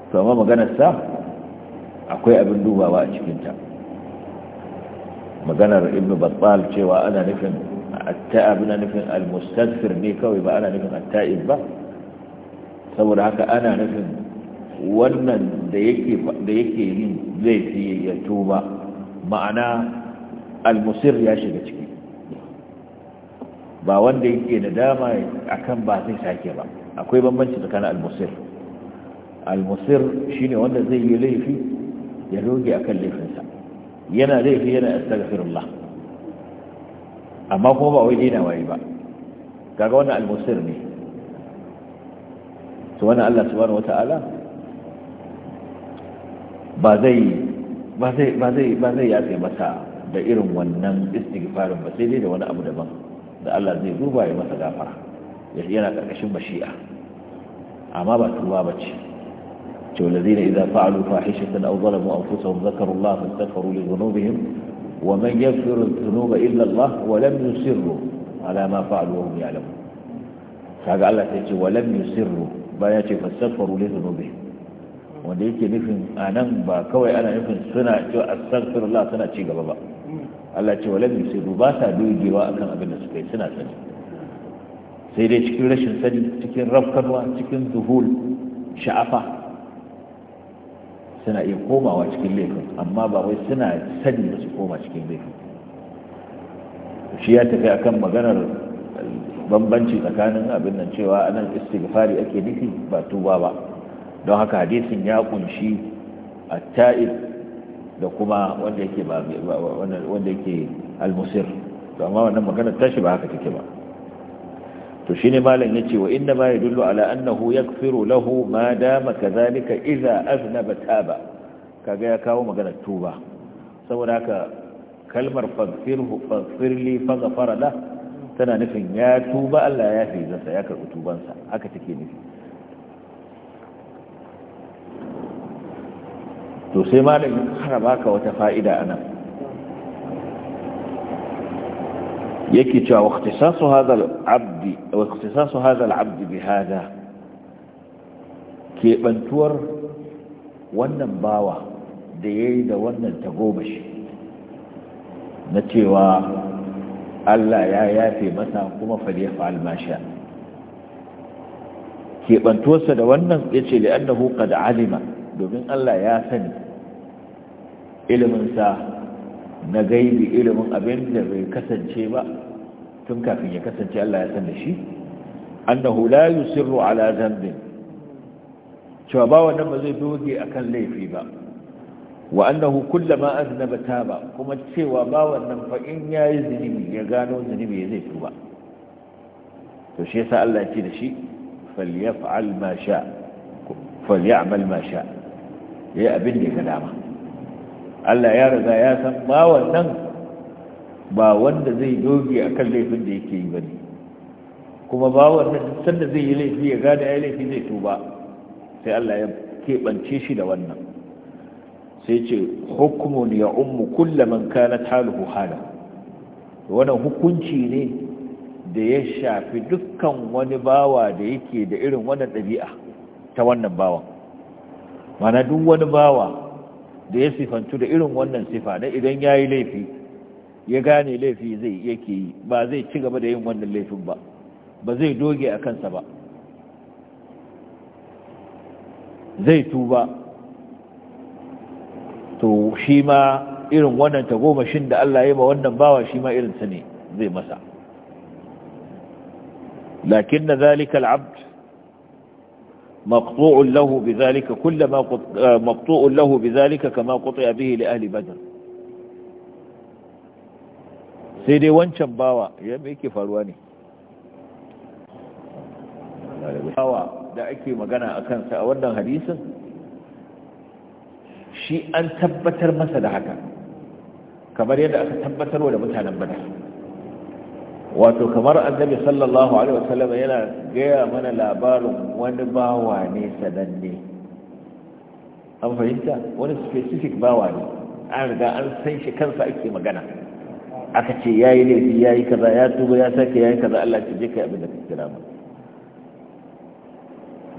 to amma maganar sa akwai abin dubawa a cikin ta maganar ibnu battal cewa ana nufin at na nufin al-mustaghfir ne kawai ba ana nufin at-ta'ib ba saboda haka ana nufin wannan da yake da yake yin zai fi ya tuba ma'ana almusir ya shiga ciki ba wanda yake da dama akan ba zai sake ba akwai bambanci tsakanin almusir almusir shine wanda zai yi laifi ya roge akan laifinsa yana laifi yana astaghfirullah amma kuma ba wai dina waye ba kaga wannan almusir ne to wannan Allah subhanahu wataala ba zai ba zai ba zai ba zai masa da irin wannan istighfarin ba sai dai da wani abu daban da Allah zai duba ya masa gafara yana karkashin mashi'a amma ba tuba ba ce to lazina idza fa'alu fahishatan aw zalamu anfusahum zakaru Allah fastaghfiru li dhunubihim wa man yaghfiru dhunuba illa Allah wa lam yusirru ala ma fa'alu wa hum ya'lamun kaga Allah sai ce wa lam yusirru baya ce fastaghfiru li dhunubihim wanda yake nufin a nan ba kawai ana nufin suna cewa astaghfirullah suna ci gaba ba Allah ce walam yusiru ba sa dogewa akan abin da suka yi suna sani sai dai cikin rashin sani cikin rafkarwa cikin zuhul sha'afa suna iya komawa cikin laifin amma ba wai suna sani da su koma cikin laifin shi ya tafi akan maganar bambanci tsakanin abin nan cewa anan istighfari ake nufi ba tuba ba don haka hadisin ya kunshi at-ta'ib da kuma wanda yake al-musir almusir to amma wannan maganar tashi ba haka take ba to shine malam yace wa inna ma yadullu ala annahu yaghfiru lahu ma dama kadhalika idza aznaba taba kaga ya kawo maganar tuba saboda haka kalmar faghfirhu faghfirli faghfara la tana nufin ya tuba Allah ya fi zasa ya karbi tubansa haka take nufi to sai malam ya kara baka wata fa'ida anan yake cewa waqtisasu hadha al-abd waqtisasu hadha al-abd bi hada ke bantuwar wannan bawa da yayi da wannan tagomashi na cewa Allah ya yafe masa kuma falyafal ma sha ke bantuwarsa da wannan yace li annahu qad alima domin Allah ya sani iliminsa na gaibi ilimin abin da bai kasance ba tun kafin ya kasance Allah ya san da shi annahu la yusirru ala zambin cewa ba wannan ba zai doge akan laifi ba wa annahu kullama aznaba taba kuma cewa ba wannan fa in yayi zunubi ya gano zunubi ya zai tuba to shi yasa Allah ya ce da shi falyaf'al ma sha falyamal ma sha yayi abin da ya ga dama Allah ya riga ya san bawan nan ba wanda zai doge a kan laifin da yake yi ba ne. kuma ba wannan sanda zai yi laifi ya gada ya laifi zai ba. sai Allah ya keɓance shi da wannan sai ce hukumun ya ummu kulla man kana taluhu hala wannan hukunci ne da ya shafi dukkan wani bawa da yake da irin wannan ɗabi'a ta wannan bawan mana duk wani bawa da ya sifantu da irin wannan sifa na idan ya yi laifi ya gane laifi zai yake yi ba zai ci gaba da yin wannan laifin ba ba zai doge a kansa ba zai tuba to shi ma irin wannan tagomashin da Allah ya ba wannan bawa shi ma irinsa ne zai masa lakin na zalika al'abd مقطوع له بذلك كل ما آه، مقطوع له بذلك كما قطع به لأهل بدر سيدي وانشم باوا يميكي فالواني باوا دعكي مقنع أكان سأولنا هديثا شيئا تبتر مسد حكا كما يدعك تبتر ولا متعلم بدر wato kamar annabi sallallahu alaihi wasallam yana gaya mana labarin wani bawa ne sananne an fahimta wani specific bawa ne an riga an san shi kansa ake magana aka ce ya yi laifi ya yi kaza ya tuba ya sake ya yi kaza Allah ce je kai abin da kake kira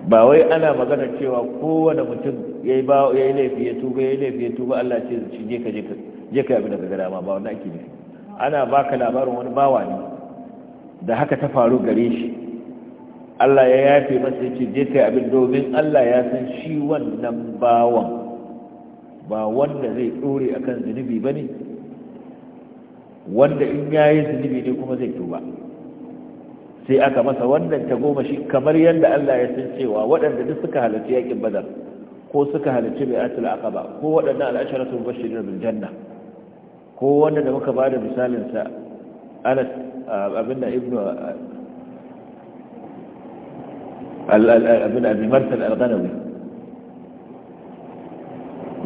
ba wai ana magana cewa kowane mutum ya yi laifi ya tuba ya yi laifi ya tuba Allah ce je ka je ka abin da kake kira ba wannan ake nufi ana baka labarin wani bawa ne da haka ta faru gare shi Allah ya yafe masa yace je kai abin domin Allah ya san shi wannan bawan ba wanda zai dore akan zunubi bane wanda in yayi zunubi ne kuma zai tuba sai aka masa wannan ta goma shi kamar yadda Allah ya san cewa waɗanda duk suka halarci yakin badar ko suka halarci bai'atul aqaba ko waɗannan al'asharatu mubashirin bil janna ko wanda da muka bada misalin sa anas uh, abin da ibnu uh, abin abin marsal al-ghanawi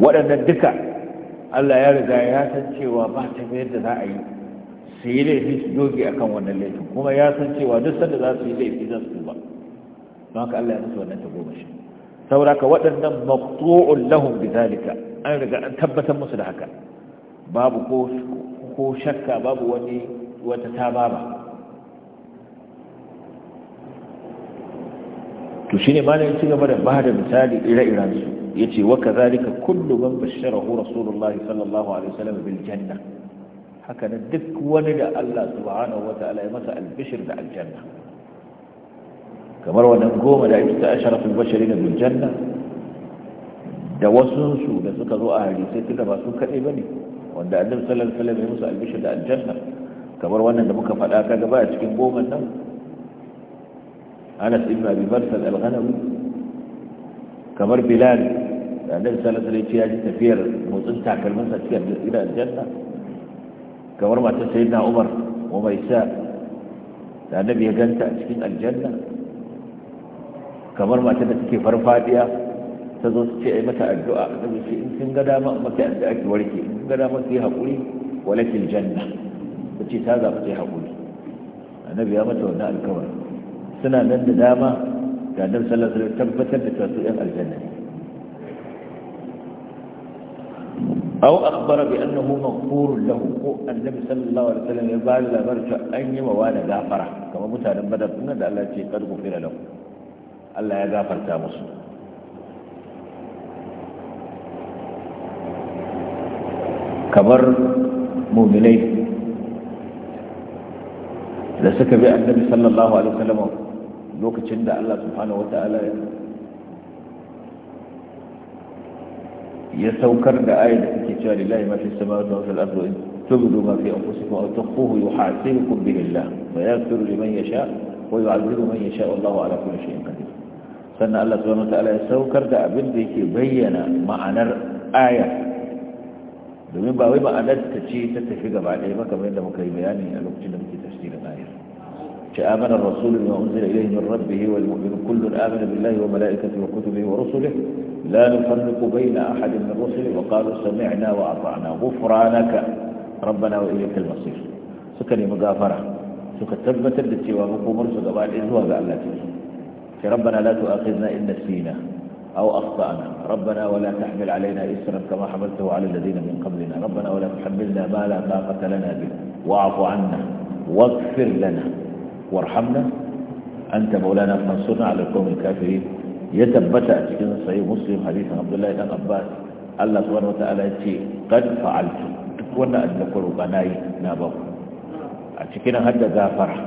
waɗannan duka Allah ya riga ya san cewa ba ta yadda za a yi su yi laifi su doge a kan wannan laifin kuma ya san cewa duk sanda za su yi laifi za su ba don haka Allah ya musu wannan ta goma shi saboda ka waɗannan maqtu'un lahum bidalika an riga an tabbatar musu da haka babu ko ko shakka babu wani wata ta baba. to shi ne malamin ci gaba da ba da misali ire-iren su yace wa kadhalika kullu man basharahu rasulullah sallallahu alaihi wasallam bil janna haka na duk wani da Allah subhanahu ta'ala ya masa albishir da aljanna kamar wannan goma da ake ta asharatul basharin bil janna da wasu su da suka zo a hadisi tunda ba su kadai bane wanda annabi sallallahu alaihi wasallam ya musu albishir da aljanna kamar wannan da muka faɗa kaga ba a cikin goma nan anas ibn abi barsal al-ghanawi kamar bilal da annabi sallallahu alaihi wasallam ya ji tafiyar motsin takalmin sa cikin gidan aljanna kamar matar sayyidina umar wa maisa da annabi ya ganta a cikin aljanna kamar matar da take farfadiya ta zo ce ai mata addu'a da shi in kin ga dama maka addu'a ki warke in ga dama ki haƙuri walakin janna ta ce ta zaɓi ta yi haƙuri annabi ya mata wannan alkawari suna nan da dama ga nan sallar sallar tabbatar da tasu yan aljanna aw akhbara bi annahu maghfurun lahu ko annabi sallallahu alaihi wasallam ya ba da labarin an yi mawa da gafara kamar mutanen badar kuma da Allah ce kad gufira lahu Allah ya gafarta musu kamar mu'minai da suka bi annabi sallallahu alaihi wasallam lokacin da Allah subhanahu wataala ya saukar da ayat da take cewa lillahi ma fi samawati wa fil ardi tubdu ma fi anfusikum aw tukhfuhu yuhasibukum bihi Allah wa yaghfiru liman yasha wa yu'adhibu man yasha wallahu ala kulli shay'in qadir sannan Allah subhanahu wataala ya saukar da abin da yake bayyana ma'anar aya domin ba wai ma'anar ta ce ta tafi gaba ɗaya ba kamar yadda muka yi bayani a lokacin da muke آمن الرسول بما أنزل إليه من ربه والمؤمن كل آمن بالله وملائكته وكتبه ورسله لا نفرق بين أحد من رسله وقالوا سمعنا وأطعنا غفرانك ربنا وإليك المصير سكني مغافرة سك تثبت للتوا مقومر سقباء الإزواء بألاتي ربنا لا تؤاخذنا إن نسينا أو أخطأنا ربنا ولا تحمل علينا إسرا كما حملته على الذين من قبلنا ربنا ولا تحملنا ما لا طاقة لنا به واعف عنا واغفر لنا warhamna anta maulana fansurna ala alqawmil kafirin ya tabbata a cikin sahih muslim hadisin abdullahi dan abbas Allah subhanahu wataala ya ce qad fa'altu duk wannan annabar roƙa yi na ba a cikin hadda gafara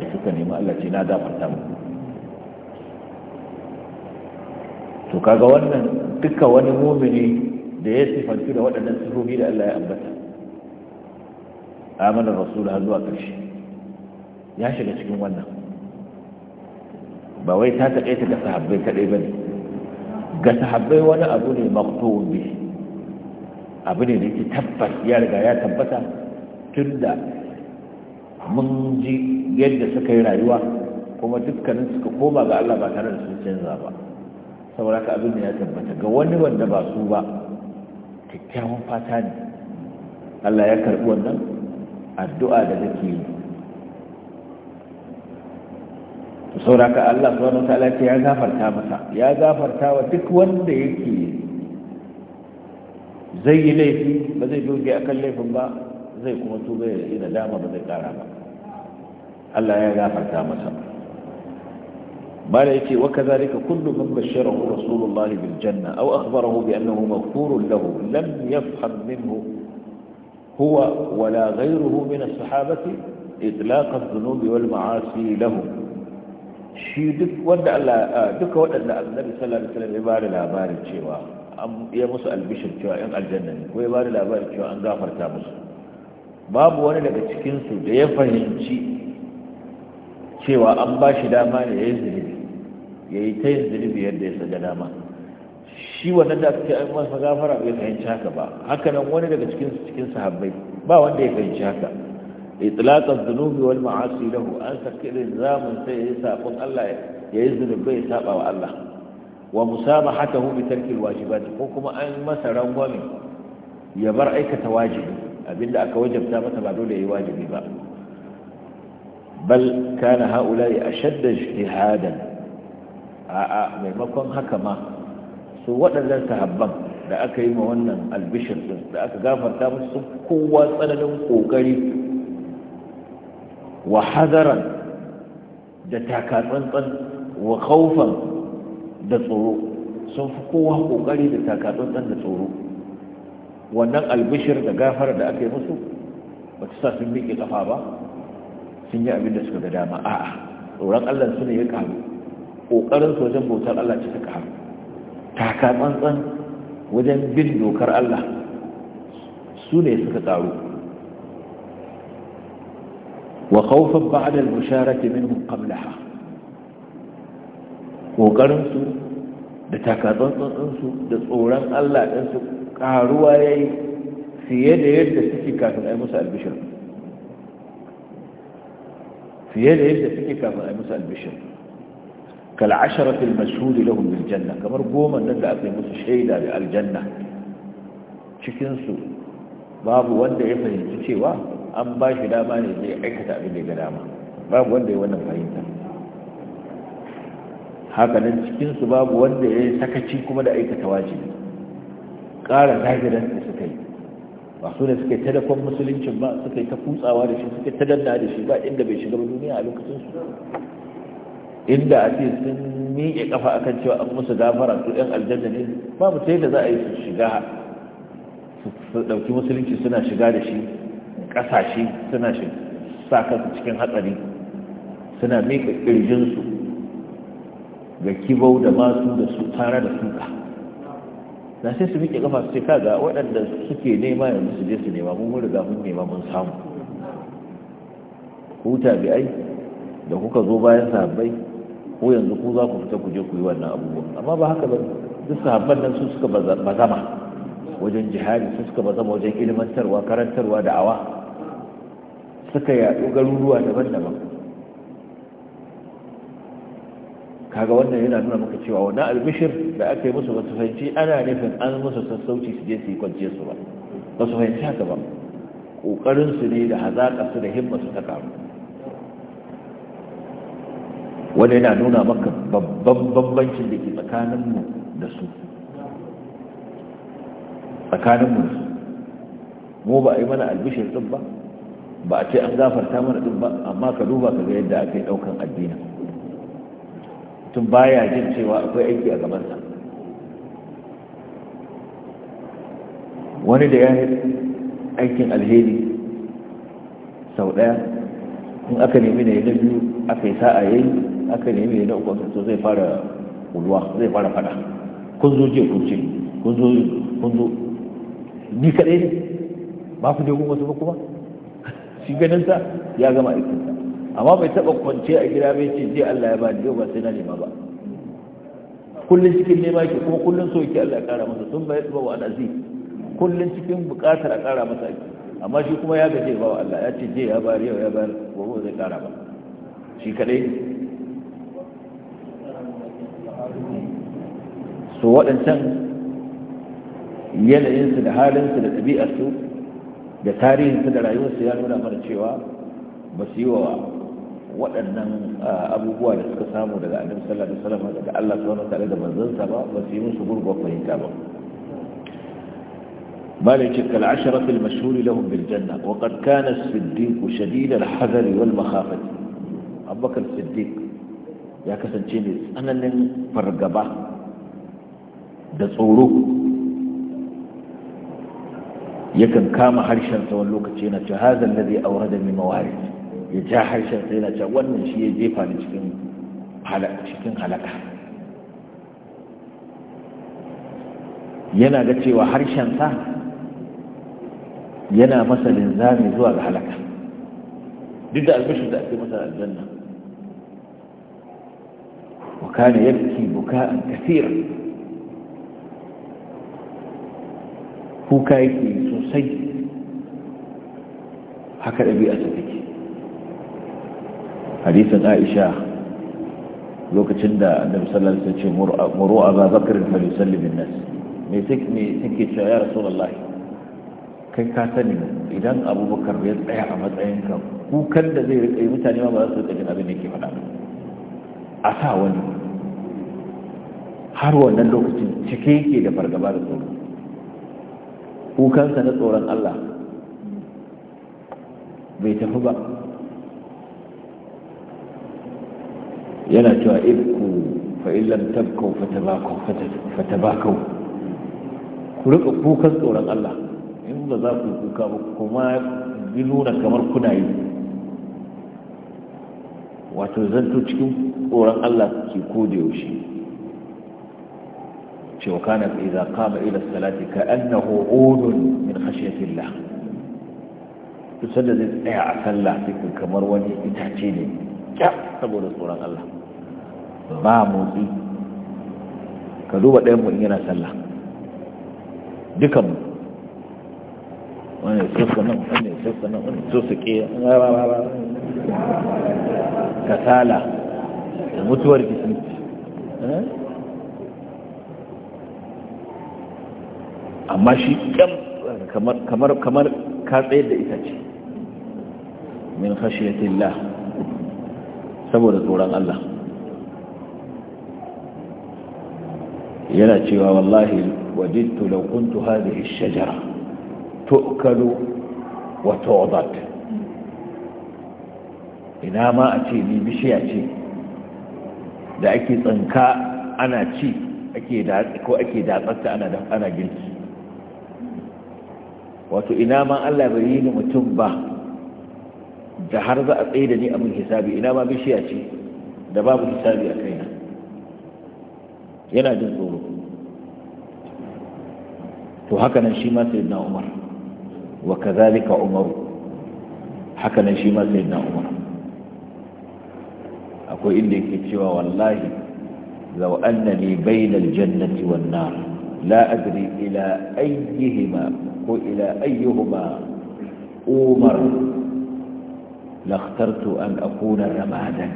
da suka nemi Allah ce na gafarta muku to kaga wannan duka wani mumini da ya sifanci da waɗannan sifofi da Allah ya ambata amana rasul har zuwa ƙarshe ya shiga cikin wannan ba wai ta taƙaita ga sahabbai kaɗai ba ne ga sahabbai wani abu ne maktubun abu ne da ke tabbas ya riga ya tabbata tun da mun ji yadda suka yi rayuwa kuma dukkanin suka koma ga Allah ba tare da sun canza ba saboda ka abin da ya tabbata ga wani wanda ba su ba kyakkyawan fata ne Allah ya karɓi wannan addu'a da take yi sauraka Allah subhanahu wataala ce ya gafarta masa ya gafarta wa duk wanda yake zai yi laifi ba zai doge akan laifin ba zai kuma tuba ya yi nadama ba zai kara ba Allah ya gafarta masa mala yake wa kazalika kullu man basharahu rasulullah bil janna aw akhbarahu bi annahu maghfurun lahu lam yafham minhu huwa wala ghayruhu min as-sahabati إطلاق الذنوب والمعاصي لهم shi duk wanda Allah duka waɗanda annabi sallallahu alaihi wasallam ya ba labarin cewa an ya musu albishir cewa yan aljanna ne ko ya bada labarin cewa an gafarta musu babu wani daga cikin su da ya fahimci cewa an ba shi dama ne yayin zunubi yayi ta yin zunubi yadda ya saka dama shi wannan da aka ce an masa gafara bai fahimci haka ba haka nan wani daga cikin cikin sahabbai ba wanda ya fahimci haka إطلاق الذنوب والمعاصي له أن سكر الزام سيساق الله يزن به ساق الله ومسامحته بترك الواجبات وكما أن مثلا ومن يبر أيك تواجب أبدا أك وجب تامة بعدول أي واجب بقى. بل كان هؤلاء أشد اجتهادا maimakon haka ma su waɗannan sahabban da aka yi ma wannan albishir da aka gafarta musu kowa tsananin ƙoƙari wa hadaran da takatsantsan wa khawfan da tsoro sun fi kowa kokari da takatsantsan da tsoro wannan albishir da gafara da aka yi musu ba ta sa sun miƙe ƙafa ba sun yi abin da suka ga dama a'a tsoron Allah su ne ya karu kokarin su wajen bautar Allah ce ta karu takatsantsan wajen bin dokar Allah su ne suka karu وخوفا بعد المشارة منهم قبلها ƙoƙarinsu da takatsantsansu da tsoron Allah ɗansu ƙaruwa ya yi fiye da yadda suke kafin a yi fiye da yadda suke kafin a yi musu albishir kal'asharatul mashhuri lahum bil janna kamar goma nan da aka musu shaida da aljanna Cikinsu babu wanda ya fahimci cewa an ba shi dama ne zai aikata abin da ya ga dama babu wanda ya wannan fahimta haka nan cikinsu babu wanda ya yi sakaci kuma da aikata wajibi ƙara zahirar da suka yi ba su ne suka yi tadakon musuluncin ba suka yi ta kutsawa da shi suka yi tadanna da shi ba inda bai shiga duniya a su inda a ce sun miƙe kafa akan cewa an musu gafara su ɗan aljanna ne ba mu sai da za a yi su shiga su ɗauki musulunci suna shiga da shi kasashe suna shi sa kansu cikin hatsari suna mika ƙirjinsu ga kibau da masu da su tara da suka na sai su miƙe kafa su ce kaga waɗanda suke nema yanzu su je su nema mun riga mun nema mun samu ku tabi'ai da kuka zo bayan sahabbai ko yanzu ku za ku fita ku je ku yi wannan abubuwan amma ba haka ba duk sahabban nan su suka bazama wajen jihadi su suka bazama wajen ilmantarwa karantarwa da'awa suka yaɗu garuruwa daban-daban kaga wannan yana nuna maka cewa wani albishir da aka yi musu ba su fahimci ana nufin an musu sassauci su je su yi kwanciyar su ba ba su fahimci haka ba ƙoƙarin su ne da hazaƙa su da himma su ta karu Wani yana nuna maka babban bambancin da ke tsakaninmu da su tsakanin mu mu ba a yi mana albishir din ba ba a ce an gafarta mana din ba amma ka duba ka ga yadda aka yi daukan addinin tun baya jin cewa akwai aiki a gabansa wani da ya aikin alheri sau ɗaya in aka nemi ne na biyu aka yi sa'a yayi aka nemi ne na uku to zai fara kuluwa zai fara fada kun zo je kun ce kun zo kun zo ni kaɗai ne ba ku dogon wasu ba kuma shi ganin sa ya gama aikinsa amma bai taɓa kwance a gida bai ce je Allah ya ba yau ba sai na nema ba kullum cikin nema ke kuma kullum so yake Allah ya ƙara masa sun bai tsuba wa anazi kullum cikin buƙatar a ƙara masa aiki amma shi kuma ya gaje ba wa Allah ya ce je ya ba yau ya ba ba zai ƙara ba shi kaɗai so waɗancan yanayinsu da halinsu da ɗabi'arsu da tarihinsu da rayuwarsu ya nuna mana cewa ba su yi wa waɗannan abubuwa da suka samu daga annabi sallallahu alaihi wasallam daga Allah subhanahu wa ta'ala da manzansa ba ba su yi musu gurgwa fahimta ba مالك كالعشرة المشهور لهم بالجنة وقد كان الصديق شديد الحذر والمخافة أبو بكر الصديق يا كسن تشينيس أنا لن فرقبه da tsoro yakan kama harshen sa wani lokaci yana cewa hazan ladhi awrada min mawarid ya ja harshen sa yana cewa wannan shi ya jefa ni cikin halaka yana ga cewa harshen sa yana masa linzami zuwa ga halaka duk da albishir da ake masa aljanna wa kana yabki buka'an kathira kuka yake sosai haka ɗabi'a ta take hadisin aisha lokacin da annabi sallallahu alaihi wasallam ya ce muru aba bakr fa yusalli bin nas me take me take ce ya rasulullah kai ka sani idan abubakar ya tsaya a matsayin ka kukan da zai rike mutane ma ba za su rika jin abin da yake faɗa a sa wani har wannan lokacin cike yake da fargaba da tsoro kukansa na tsoron Allah bai tafi ba yana cewa ibku fa illam tabkau fatabakau fatabakau ku rika kukan tsoron Allah in ba za ku kuka ba kuma yi nuna kamar kuna yi wato zanto cikin tsoron Allah ke koda yaushe شيء وكان إذا قام إلى الصلاة كأنه عود من خشية الله تسلد إيه عسل الله فيك كمروني بتحجيني جاء تقول الصورة الله ما موزي كذوبة دائم صلى الله دكم وانا يسوس نم وانا يسوس نم وانا يسوس كي كسالة المتور في سنت amma shi kyam kamar kamar ka tsayar da ita ce min khashiyatillah saboda tsoron Allah yana cewa wallahi wajidtu law kuntu hadhihi ash-shajara tu'kalu wa tu'dad ina ma a ce ni bishiya ce da ake tsanka ana ci ko ake da ana da ana girki wato ina ma Allah bai yi ni mutum ba da har za a tsaye da ni a mun hisabi ina ma bishiya ce da babu hisabi a kaina yana jin tsoro to haka nan shi ma sayyidina Umar wa kazalika Umaru haka nan shi ma sayyidina Umar akwai inda yake cewa wallahi law annani bainal jannati wan nar la adri ila ayyihima ko ila ayyuhuma umar la khartu an akuna ramadan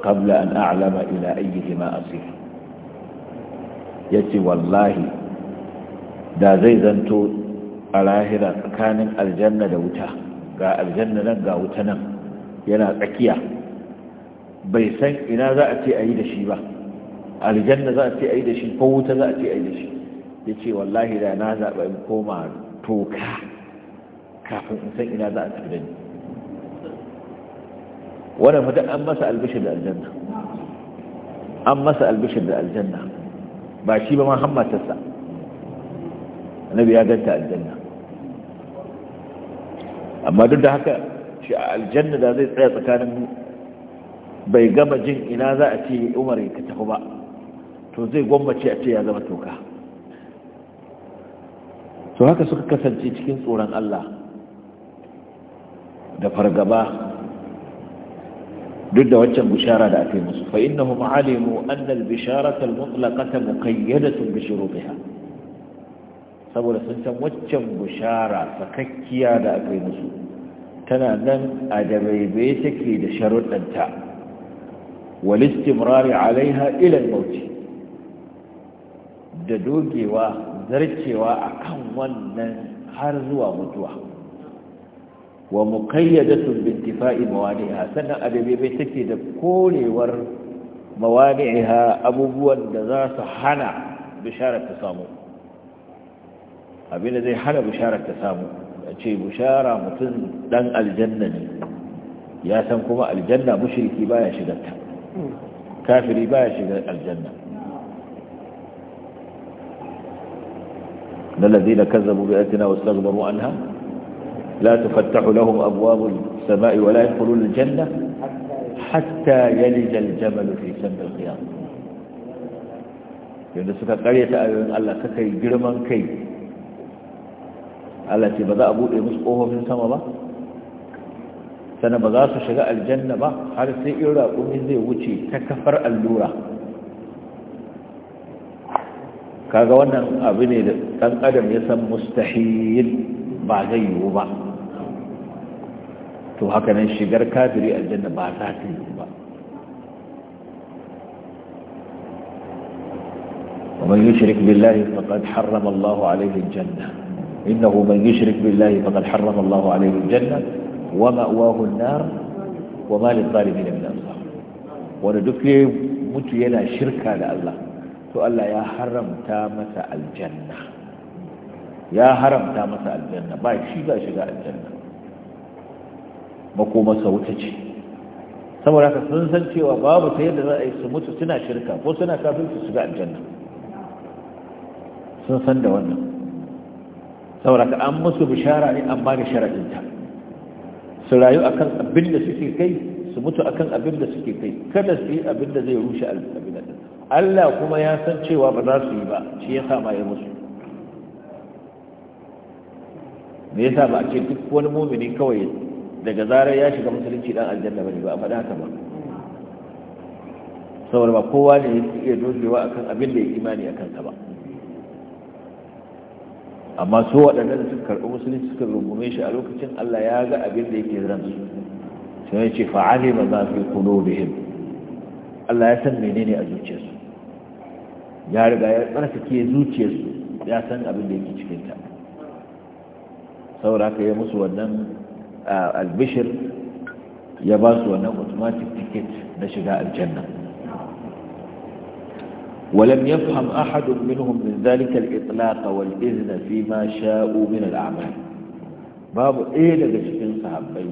qabla an a'lama ila ayyihima asif yace wallahi da zai zanto a lahira tsakanin aljanna da wuta ga aljanna nan ga wuta nan yana tsakiya bai san ina za a ce a yi da shi ba aljanna za a ce a yi da shi ko wuta za a ce a yi da shi ya ce wallahi da na zaɓa in koma toka kafin in san ina za a tafi da ni wannan mutum an masa albishir da aljanna an masa albishir da aljanna ba shi ba ma hammatarsa annabi ya ganta aljanna amma duk da haka shi a aljanna da zai tsaya tsakanin bai gama jin ina za a ce umar ka tafi ba to zai gwammace a ce ya zama toka to haka suka kasance cikin tsoron Allah da fargaba duk da waccan bishara da aka yi musu fa innahum alimu anna al mutlaqata muqayyadatun bi shurutiha saboda sun san waccan bishara sakakkiya da aka musu tana nan a dabaibaye take da sharuɗanta wal istimrari alaiha ila al da dogewa zarcewa a kan wannan har zuwa mutuwa wa muqayyadatun bi intifa'i mawani'iha sannan adabi bai take da korewar mawani'iha abubuwan da za su hana bisharar ta samu abin da zai hana bisharar ta samu a ce bishara mutum dan aljanna ne ya san kuma aljanna mushriki baya shigarta kafiri baya shigar aljanna الذين كذبوا بآياتنا واستكبروا عنها لا تفتح لهم أبواب السماء ولا يدخلون الجنة حتى يلج الجمل في سم الخياط yadda suka karyata ayoyin Allah suka kai girman kai Allah ce ba za a buɗe musu ƙofofin sama ba sannan ba za su shiga aljanna ba har sai in raƙumi zai wuce ta kafar allura kaga wannan abu ne da ɗan adam ya san mustahil ba zai yiwu ba to haka nan shigar kafiri aljanna ba za ta yiwu ba ومن يشرك بالله فقد حرم الله عليه الجنة إنه من يشرك بالله فقد حرم الله عليه الجنة ومأواه النار وما للظالمين من أنصار ونجد mutu yana shirka da Allah to Allah ya haramta masa aljanna ya haramta masa aljanna ba shi ba shiga aljanna makomarsa wuta ce saboda haka sun san cewa babu ta yadda za a yi su mutu suna shirka ko suna kafin su shiga aljanna sun san da wannan saboda haka an musu bishara ne amma da sharaɗinta su rayu akan abin da suke kai su mutu akan abin da suke kai kada su yi abin da zai rushe abin da Allah kuma ya san cewa ba za su yi ba shi yasa ba ya musu me yasa ba a ce duk wani mumini kawai daga zarar ya shiga musulunci dan aljanna bane ba a faɗa haka ba saboda ba kowa ne yake iya dogewa akan abin da ya imani a sa ba amma su waɗanda da suka karɓi musulunci suka rungume shi a lokacin Allah ya ga abin da yake ran su sai ya ce fa'ali ba za su yi kuno da Allah ya san menene a zuciyarsu ya riga ya tsarkake zuciyarsu ya san abin da yake cikinta saboda haka ya musu wannan albishir ya ba su wannan automatic ticket na shiga aljanna ولم يفهم أحد منهم من ذلك الإطلاق والإذن فيما شاءوا من الأعمال باب إيه لجسكين صحابي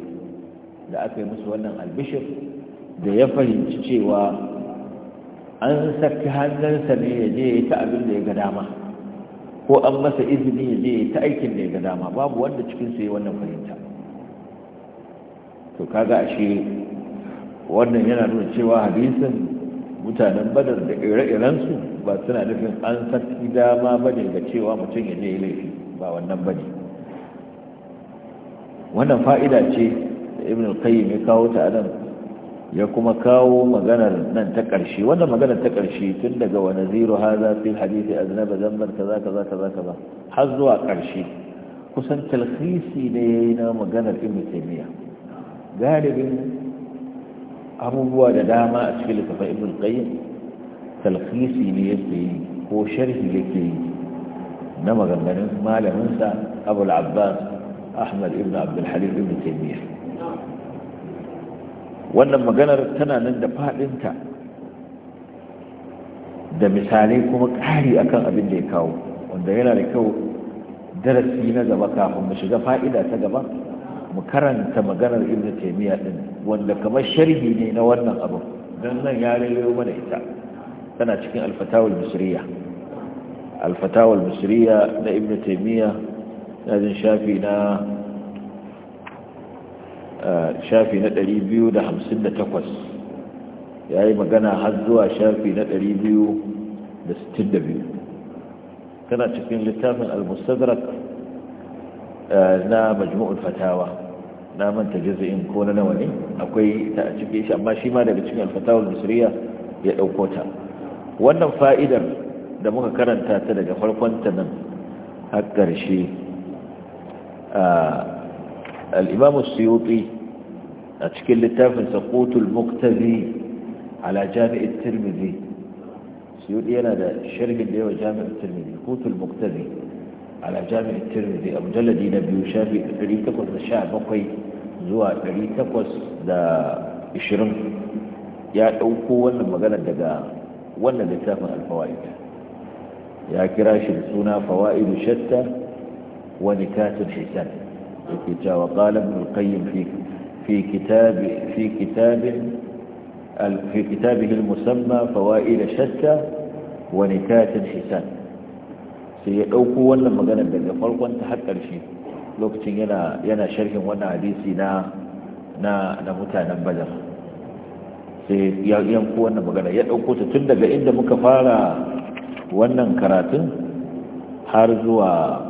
لأكي مسوى أنه البشر ده يفهم تشيوى an saki hannunsa ne ya je ta abin da ya ga dama ko an masa izini ya je ya ta aikin da ya ga dama babu wanda cikinsu ya wannan fahimta to kaga shi wannan yana nuna cewa hadisin mutanen badar da ire-irensu ba suna nufin an saki dama ba ne ga cewa mutum ya je laifi ba wannan ba ne wannan fa'ida ce da ibn al-qayyim ya kawo ta nan ya kuma kawo maganar nan ta ƙarshe wanda maganar ta ƙarshe tun daga wa naziru hadisi aznaba zamban kaza kaza kaza kaza har zuwa ƙarshe kusan talhisi ne yayi na maganar ibn taymiya galibin abubuwa da dama a cikin littafin ibn qayyim talhisi ne yake yi ko sharhi yake yi na maganganun malamin sa abul abbas ahmad ibn abdul halim ibn taymiya wannan maganar tana nan da faɗinta da misalai kuma ƙari akan abin da ya kawo wanda yana da kyau darasi na gaba kafin mu shiga fa'ida ta gaba mu karanta maganar ibnu taymiya din wanda kamar sharhi ne na wannan abu dan nan ya rayo mana ita tana cikin al-fatawul misriya al misriya na ibnu taymiya na jin shafi na shafi na 258 ya yi magana har zuwa shafi na 262 tana cikin littafin al-mustadrak na majmu'ul fatawa na manta jazain ko na nawa ne akwai ta a cikin shi amma shi ma daga cikin al-fatawa ya ɗauko ta wannan fa'idar da muka karanta ta daga farkon ta nan har ƙarshe al-imam as a cikin littafinsa saqutul muktazi ala jami' at-tirmidhi suyuti yana da sharhin da yawa jami' at-tirmidhi muktazi ala jami' at-tirmidhi a mujalladi na biyu shafi 817 zuwa 820 ya ɗauko wannan magana daga wannan littafin al ya kira shi da suna fawaidu shatta wani katin hisan يكيجا وقال ابن القيم في في كتاب في كتاب في كتابه المسمى فوائد شتى ونكات حسان سيدوكو ولا مغانا daga farkon ta har ƙarshe lokacin yana yana sharhin wannan hadisi na na na mutanen badar sai ya yanko wannan magana ya dauko ta tun daga inda muka fara wannan karatun har zuwa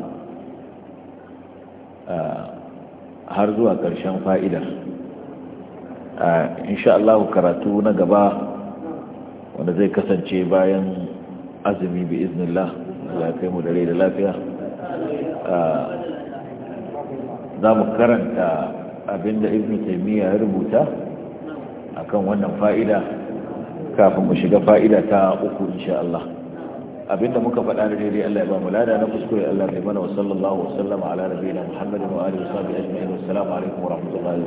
har zuwa ƙarshen fa'idar insha Allah karatu na gaba wanda zai kasance bayan azumi bi iznillah ya kai mu dare da lafiya za mu karanta abinda ibn taimiyya ya rubuta akan wannan fa'ida kafin mu shiga fa'ida ta uku insha Allah abinda muka faɗa da daidai Allah ya ba mu lada na kuskure Allah mai mana wa sallallahu wa sallama ala nabiyina Muhammadin wa alihi wa sahbihi ajma'in assalamu alaikum wa rahmatullahi wa